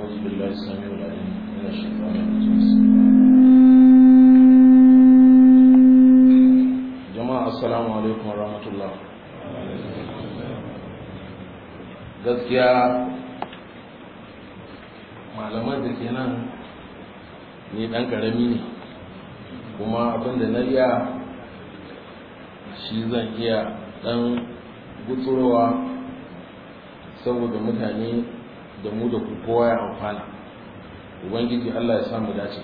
أعوذ بالله السميع العليم من الشيطان جماعة السلام عليكم ورحمة الله gaskiya malaman da ke nan ne ɗan ƙarami ne kuma abinda na iya shi zan iya ɗan gutsurowa saboda mutane da mu da ku kowa ya amfana ubangiji Allah ya samu dace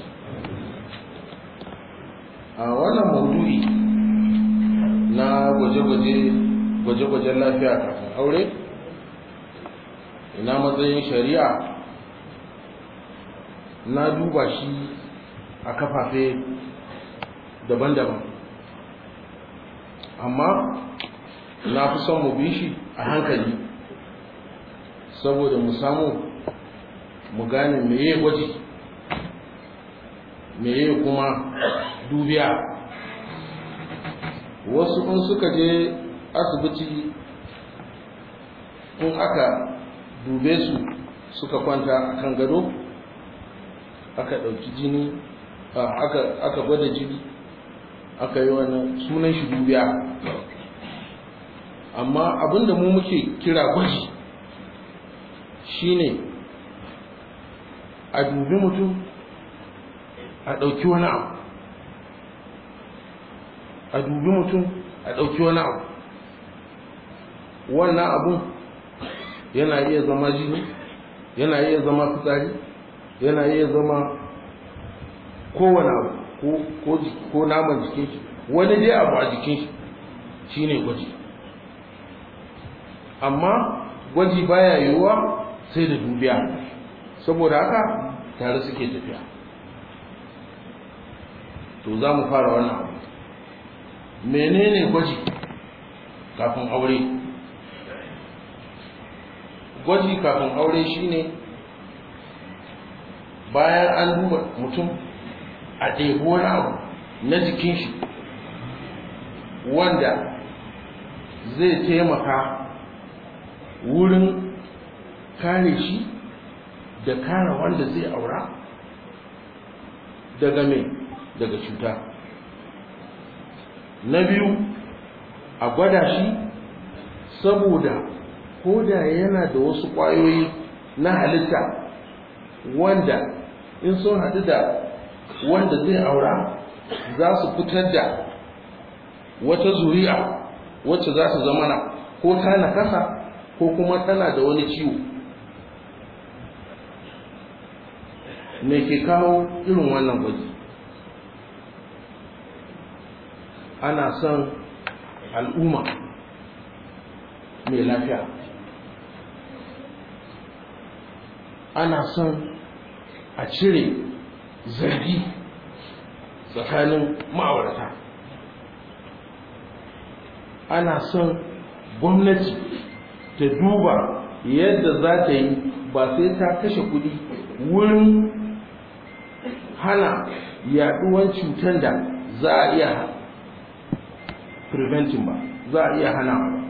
a wannan maudu'i na gwaje-gwaje gwaje-gwajen lafiya kafin aure ina matsayin shari'a na duba shi a kafafe daban-daban amma na fi son mu bi shi a hankali saboda mu samu mu gane meye gwaji meye kuma dubiya wasu in suka je asibiti in aka dube su suka kwanta a kan gado aka ɗauki jini aka gwada jini aka yi wani sunan shi dubiya amma abinda mu muke kira gwaji shine a dubi mutum a ɗauki wani abu a dubi mutum a ɗauki wani abu wannan abun yana iya zama jini yana iya zama fitsari yana iya zama kowane abu ko naman jikin shi wani dai abu a jikin shi shine gwaji amma gwaji baya yiwuwa sai da dubiya saboda haka tare suke tafiya to za mu fara wannan abu menene gwaji kafin aure gwaji kafin aure shine bayan an duba mutum a ɗebi abu na jikin shi wanda zai taimaka wurin kare shi da kare wanda zai aura daga mai daga cuta na biyu a gwada shi saboda ko da yana da wasu kwayoyi na halitta wanda in sun haɗu da wanda zai aura za su fitar da wata zuri'a wacce za su zamana ko ta nakasa ko kuma tana da wani ciwo me ke kawo irin wannan gwaji ana son al'umma mai lafiya ana son a cire zargi tsakanin ma'aurata ana son gwamnati ta duba yadda za ta yi ba sai ta kashe kudi wurin hana yaduwan cutar da za a iya preventing ba za a iya hana ba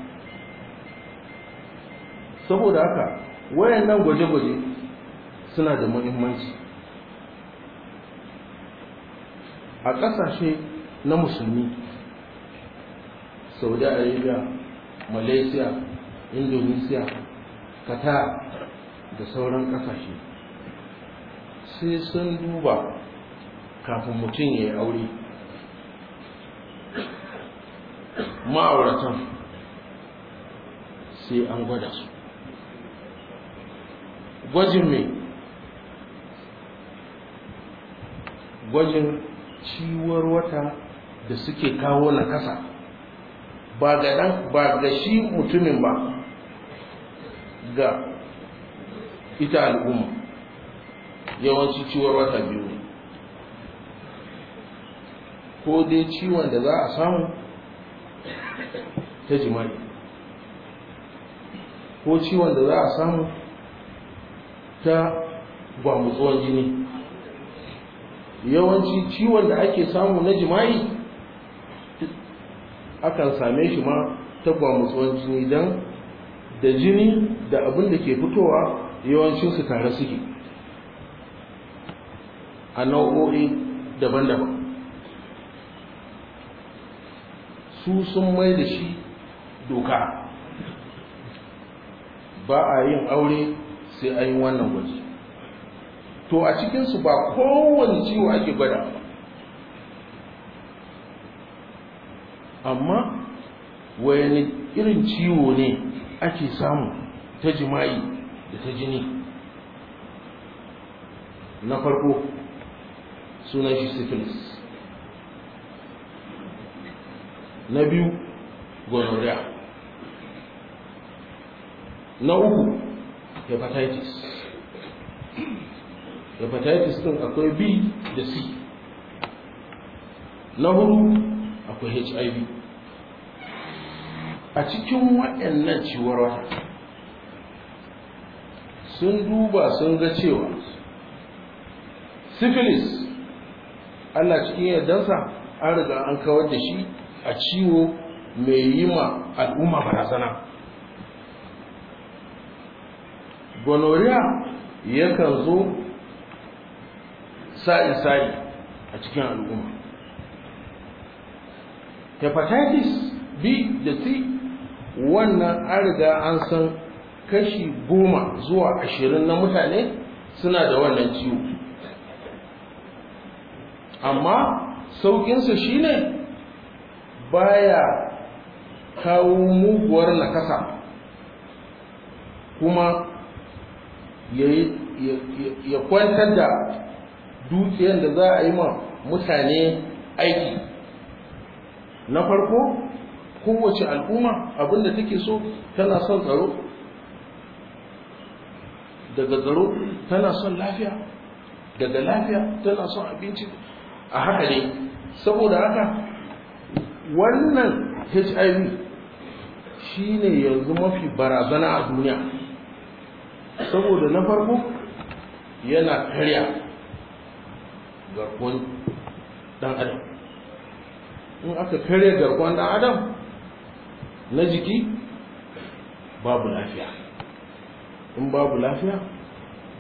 saboda haka wayannan gwaje-gwaje suna da muhimmanci a ƙasashe na musulmi saudi arabia malaysia indonesia qatar da sauran ƙasashe sai sun duba kafin mutum ya yi aure ma'auratan sai an gwada su gwajin mai gwajin ciwar wata da suke kawo na kasa ba ga ba ga shi mutumin ba ga ita al'umma yawanci ciwar wata biyu ko dai ciwon da za a samu ta jima'i ko ciwon da za a samu ta gwamutsuwan jini yawanci ciwon da ake samu na jima'i akan same shi ma ta gwamutsuwan jini don da jini da abin da ke fitowa yawancinsu tare suke a nau'o'i daban-daban su sun mai da shi doka ba a yin aure sai an yi wannan gwaji to a cikinsu ba kowane ciwo ake gwada amma wani irin ciwo ne ake samu ta jima'i da ta jini na farko suna shi syphilis na biyu gonorrhea na uku hepatitis hepatitis din akwai b da c na huru akwai hiv a cikin waɗannan ciwar wata sun duba sun ga cewa syphilis Allah cikin yardansa an riga an kawar da shi a ciwo mai yi ma al'umma barazana gonorrhea yakan zo sa'i-sa'i a cikin al'umma hepatitis b da c wannan an riga an san kashi goma zuwa ashirin na mutane suna da wannan ciwo amma sauƙinsa shine baya kawo muguwar nakasa kuma ya kwantar da dukiyar da za a yi ma mutane aiki na farko kowace al'umma abinda take so tana son tsaro daga tsaro tana son lafiya daga lafiya tana son abinci a haka ne saboda haka wannan hiv shine yanzu mafi barazana a duniya saboda na farko yana karya garkuwan dan adam in aka karya garkuwan dan adam na jiki babu lafiya in babu lafiya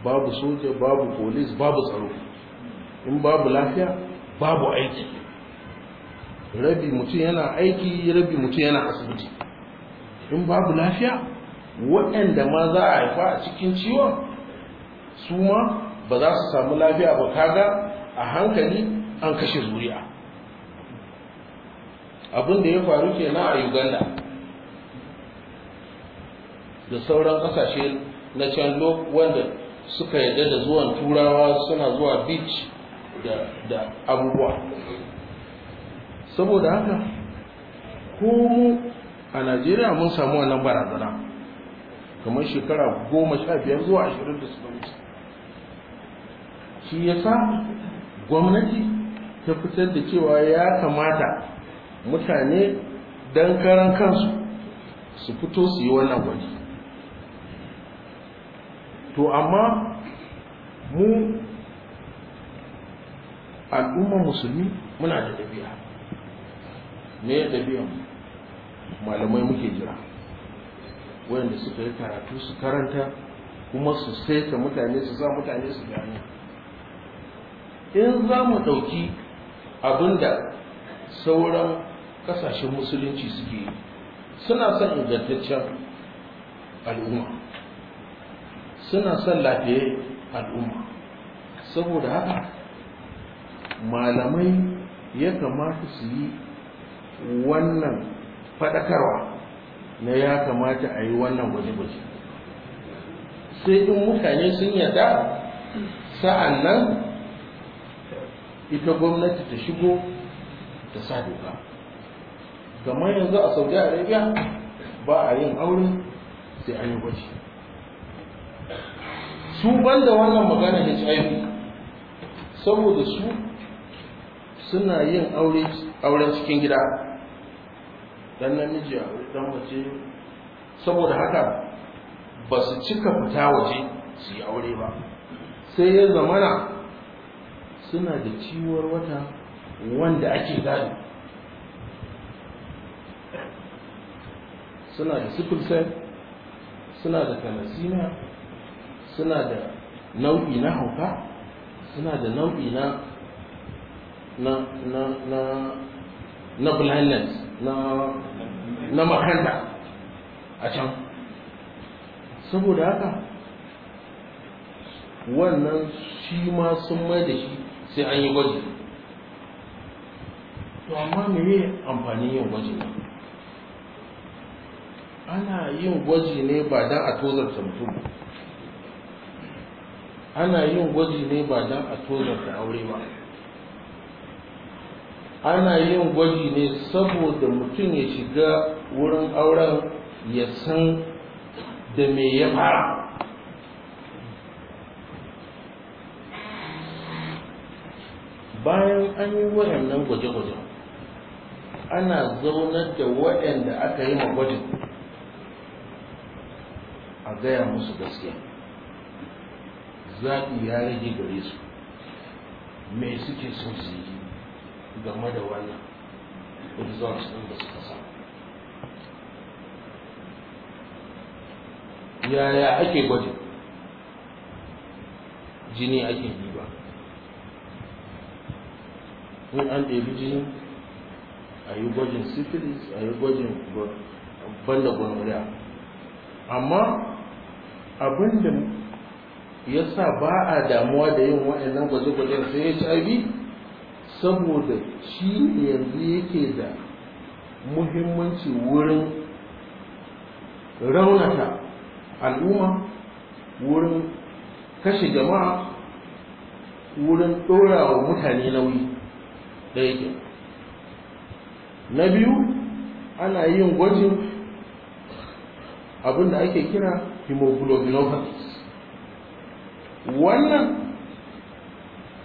babu soja babu polis babu tsaro in babu lafiya babu aiki rabi mutum yana aiki rabi mutum yana asibiti in babu lafiya waɗanda ma za a haifa a cikin ciwon su ma ba za su samu lafiya ba kaga a hankali an kashe zuri'a abin da ya faru kenan a uganda da sauran ƙasashe na can wanda suka yarda da zuwan turawa suna zuwa beach da abubuwa saboda haka ko mu a najeriya mun samu wannan barazana kamar shekara goma sha biyar zuwa ashirin da suka wuce shi ya sa gwamnati ta fitar da cewa ya kamata mutane don karan kansu su fito su yi wannan gwaji to amma mu al'ummar musulmi muna da ɗabi'a me ya ɗabi'an malamai muke jira wayanda suka yi karatu su karanta kuma su saita mutane su sa mutane su gane in za mu ɗauki abin da sauran ƙasashen musulunci suke yi suna son ingantaccen al'umma suna son lafiyar al'umma saboda haka malamai ya kamata su yi wannan faɗakarwa na ya kamata a yi wannan gwaje-gwaje sai in mutane sun yada sa'an nan ita gwamnati ta shigo ta sa doka kamar yanzu a saudi arabia ba a yin aure sai an yi gwaji su banda wannan magana hiv saboda su suna yin auren cikin gida dan namiji a dan mace saboda haka ba su cika fita waje su yi aure ba sai ya zamana suna da ciwar wata wanda ake gado suna da sickle cell suna da thalassemia suna da nau'i na hauka suna da nau'i na na na na na blindness na makanta a can saboda haka wannan shi ma sun mai da shi sai an yi gwaji to amma meye amfanin yin gwaji ne. ana yin gwaji ne ba don a tozarta mutum ana yin gwaji ne ba don a tozarta aure ba ana yin gwaji ne saboda mutum ya shiga wurin auren ya san da me ya fara bayan an yi waɗannan gwaje-gwaje ana zaunar da waɗanda aka yi ma gwajin a gaya musu gaskiya zaɓi ya rage gare su me suke so su game da wannan results ɗin da suka sa yaya ake gwajin jini ake diba in an ɗebi jini a yi gwajin syphilis a yi gwajin banda gonorrhea amma abinda ya sa ba a damuwa da yin waɗannan gwaje-gwajen sai hiv saboda shi ne yanzu yake da muhimmanci wurin raunata al'umma wurin kashe jama'a wurin ɗora wa mutane nauyi da yake na biyu ana yin gwajin abin da ake kira hemoglobinopathies wannan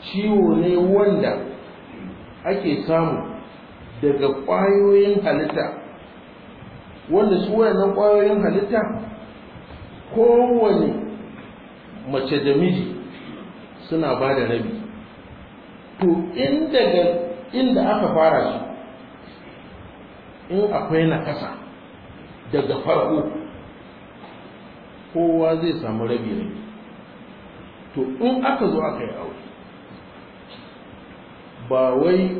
ciwo ne wanda ake samu daga ƙwayoyin halitta wanda su wayannan ƙwayoyin halitta kowane mace da miji suna ba da rabi to inda inda aka fara su in akwai na ƙasa daga farko kowa zai samu rabi rabi to in aka zo aka yi aure ba wai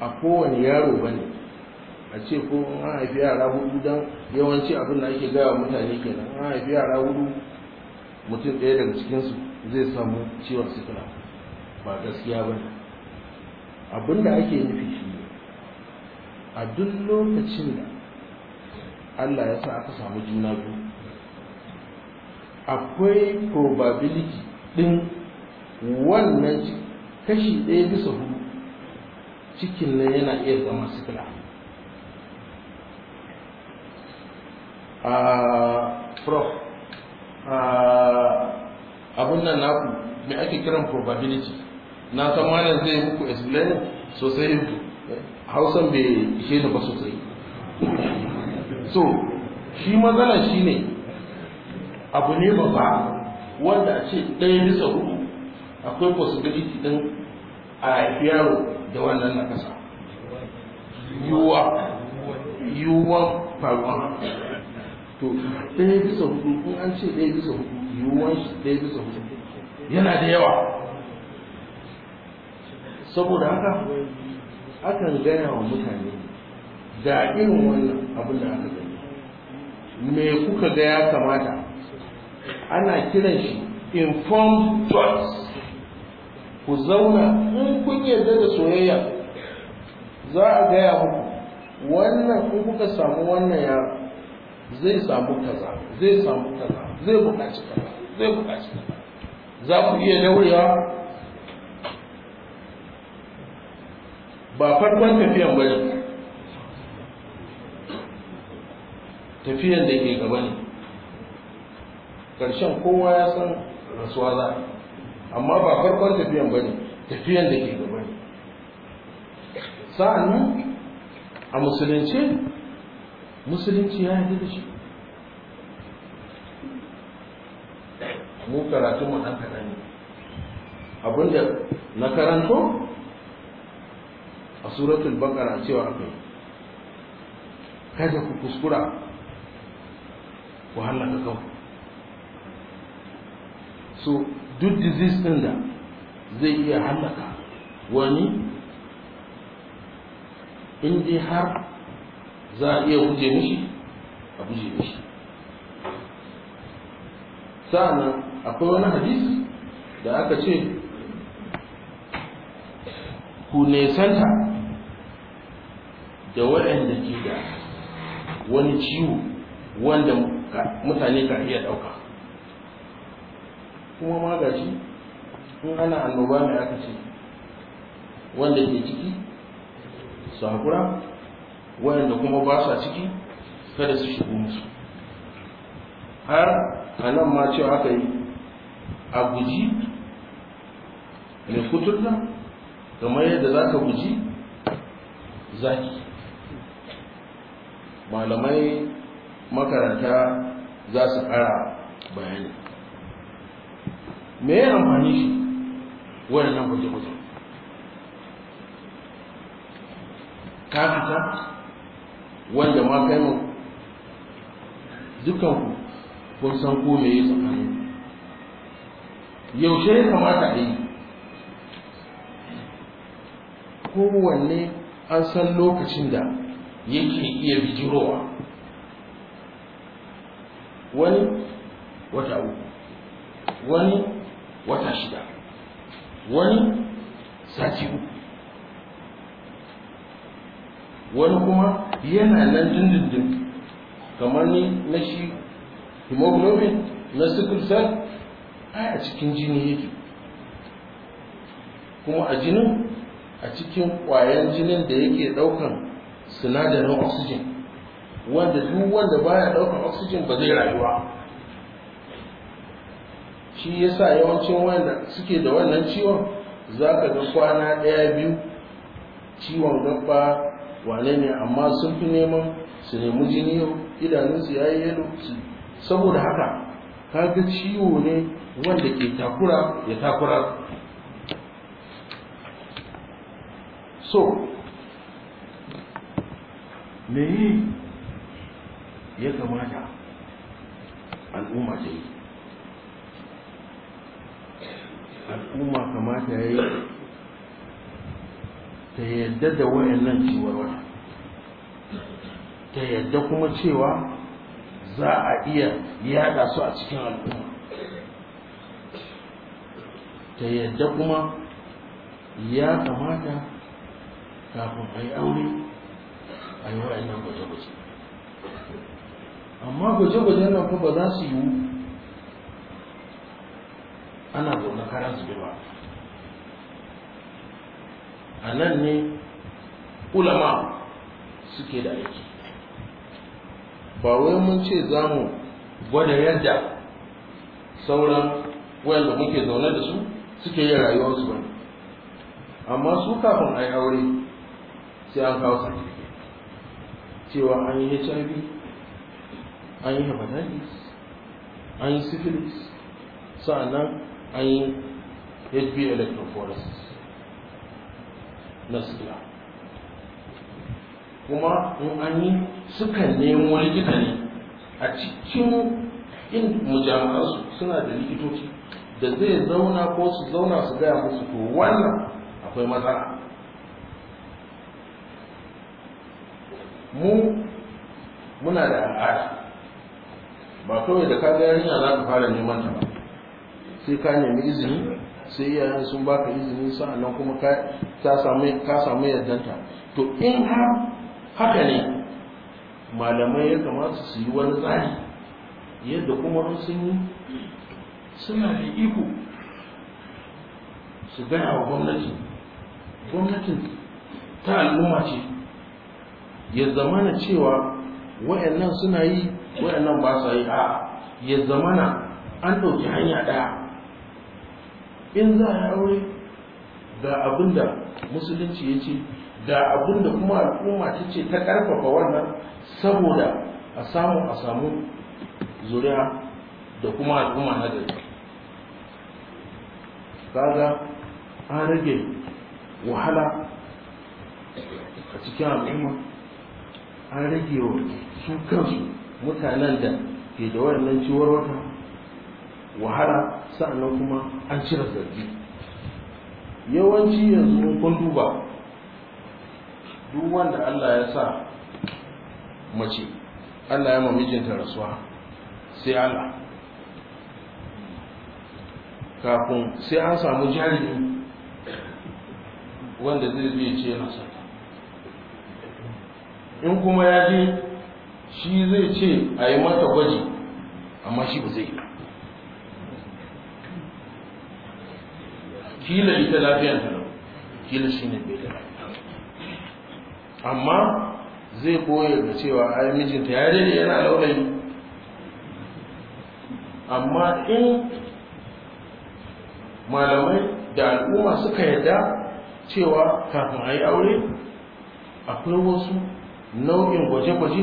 a kowane yaro ba ne a ce ko an haifi yara hudu don yawanci abin da ake gaya mutane kenan an haifi yara hudu mutum ɗaya daga cikinsu zai samu ciwon sikila ba gaskiya ba ne abin da ake nufi shi ne a duk lokacin da allah ya sa aka samu juna biyu akwai probability ɗin wannan kashi ɗaya bisa hudu cikin nan yana iya zama sikila ah, prof ah, abun nan naku me ake kiran probability na san zai muku explain sosai hausan bai ishe ni ba sosai so shi matsala shi ne abu ne ba wanda a ce ɗaya bisa hudu akwai possibility din a yaro da wannan nakasa yiwuwa yiwuwan faruwa to ɗaya bisa hudu in an ce ɗaya bisa hudu yiwuwan ɗaya bisa hudu yana da yawa saboda haka akan gaya wa mutane da irin wannan abin da aka gani me kuka ga ya kamata ana kiran shi informed choice ku zauna in kun yarda da soyayya za a gaya muku wannan in kuka samu wannan ya zai samu kaza zai samu kaza zai buƙaci kaza zai buƙaci kaza za ku iya daurewa ba farkon tafiyan ba ne tafiyan da ke gaba ne ƙarshen kowa ya san rasuwa za a amma ba farkon tafiyan ba ne tafiyan da ke gaba ne sa'annan a musulunci musulunci ya yi da shi mu karatu mu ɗan kaɗan ne abinda na karanto a suratul bakara cewa akwai kada ku kuskura ku hallaka kanku so duk disease ɗin da zai iya hallaka wani in dai har za a iya guje mishi a guje mishi sa'annan akwai wani hadisi da aka ce ku nesanta da waɗanda ke da wani ciwo wanda mutane ka iya ɗauka kuma ma in ana annoba mai aka ce wanda ke ciki sakura, haƙura wayanda kuma ba sa ciki kada su shigo musu har a nan ma ce aka yi a guji mai kuturna kamar yadda za ka guji zaki malamai makaranta za su ƙara bayani me ya amfani shi waɗannan gwaje-gwaje ka fita wanda ma kai mu dukan kun san ko me ya tsakanin yaushe ya kamata a yi kowanne an san lokacin da yake iya bijirowa wani wata uku wani wata shida wani sati uku wani kuma yana nan dindindin kamar ni na shi hemoglobin na sickle a cikin jini yake kuma a jinin a cikin kwayan jinin da yake ɗaukan sinadarin oxygen wanda duk wanda baya ɗaukar oxygen ba zai rayuwa shi yasa yawancin wanda suke da wannan ciwon za ka ga kwana ɗaya biyu ciwon gaba wane ne amma sun fi neman su nemi jini yau idanunsu ya yi yalo saboda haka ga ciwo ne wanda ke takura ya takura so me yi ya kamata al'umma ta yi al'umma kamata ya yi ta yadda da wayannan ciwar wata ta yadda kuma cewa za a iya yada su a cikin al'umma ta yadda kuma ya kamata kafin a yi aure a yi wayannan gwaje-gwaje amma gwaje-gwajen nan kuma ba za su yiwu ana zaune kara su girma a nan ne ulama suke da aiki ba wai mun ce za mu gwada yadda sauran wayanda muke zaune da su suke yin rayuwarsu ba amma su kafin a yi aure sai an kawo sa cewa an yi hiv an yi hepatitis an yi syphilis sa'annan an yi hb electrophoresis na sigila kuma in an yi sukan nemo likita ne a cikin in mujamansu suna da likitoci da zai zauna ko su zauna su gaya musu to wannan akwai matsala mu muna da al'ada ba kawai da kaga yarinya za ka fara neman ta ba sai ka nemi izini sai iyayen sun baka izini sa'annan kuma ka samu ka samu yaddanta to in haka ne malamai ya kamata su yi wani tsari yadda kuma sun yi suna da iko su gaya wa gwamnati gwamnatin ta al'umma ce ya zamana cewa wayannan suna yi wayannan ba su yi a ya zamana an ɗauki hanya ɗaya in za a aure da abin da musulunci ya ce da abin da kuma al'umma ta ce ta karfafa wannan saboda a samu a samu zuriya da kuma al'umma na da kaga an rage wahala a cikin al'umma an rage wa su kansu mutanen da ke da wayannan ciwar wata wahala sa'annan kuma an cire zargi yawanci yanzu kun duba duk wanda Allah ya sa mace Allah ya mamijinta rasuwa sai Allah kafin sai an samu jarumi wanda zai zai ce yana sata in kuma ya je shi zai ce a yi mata gwaji amma shi ba zai yi kila ita lafiyar ta kila shi ne bai da amma zai koya da cewa ai mijinta ya daina yana laulayi amma in malamai da al'umma suka yarda cewa kafin a yi aure akwai wasu nau'in gwaje-gwaje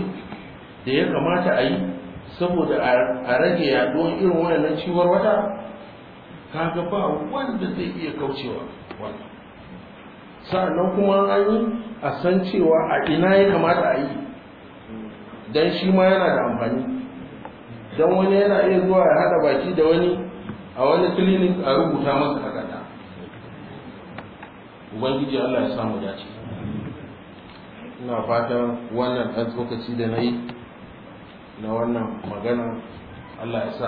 da ya kamata a yi saboda a rage yaduwar irin wayannan ciwon wata kaga ba wanda zai iya kaucewa wannan sa'annan kuma an yi a san cewa a ina ya kamata a yi don shi ma yana da amfani don wani yana iya zuwa ya hada baki da wani a wani clinic a rubuta masa takarda ubangiji Allah ya samu dace ina fatan wannan ɗan tsokaci da na yi na wannan magana Allah ya sa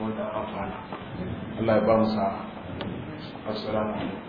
mun da amfana Allah ya ba mu sa'a assalamu alaikum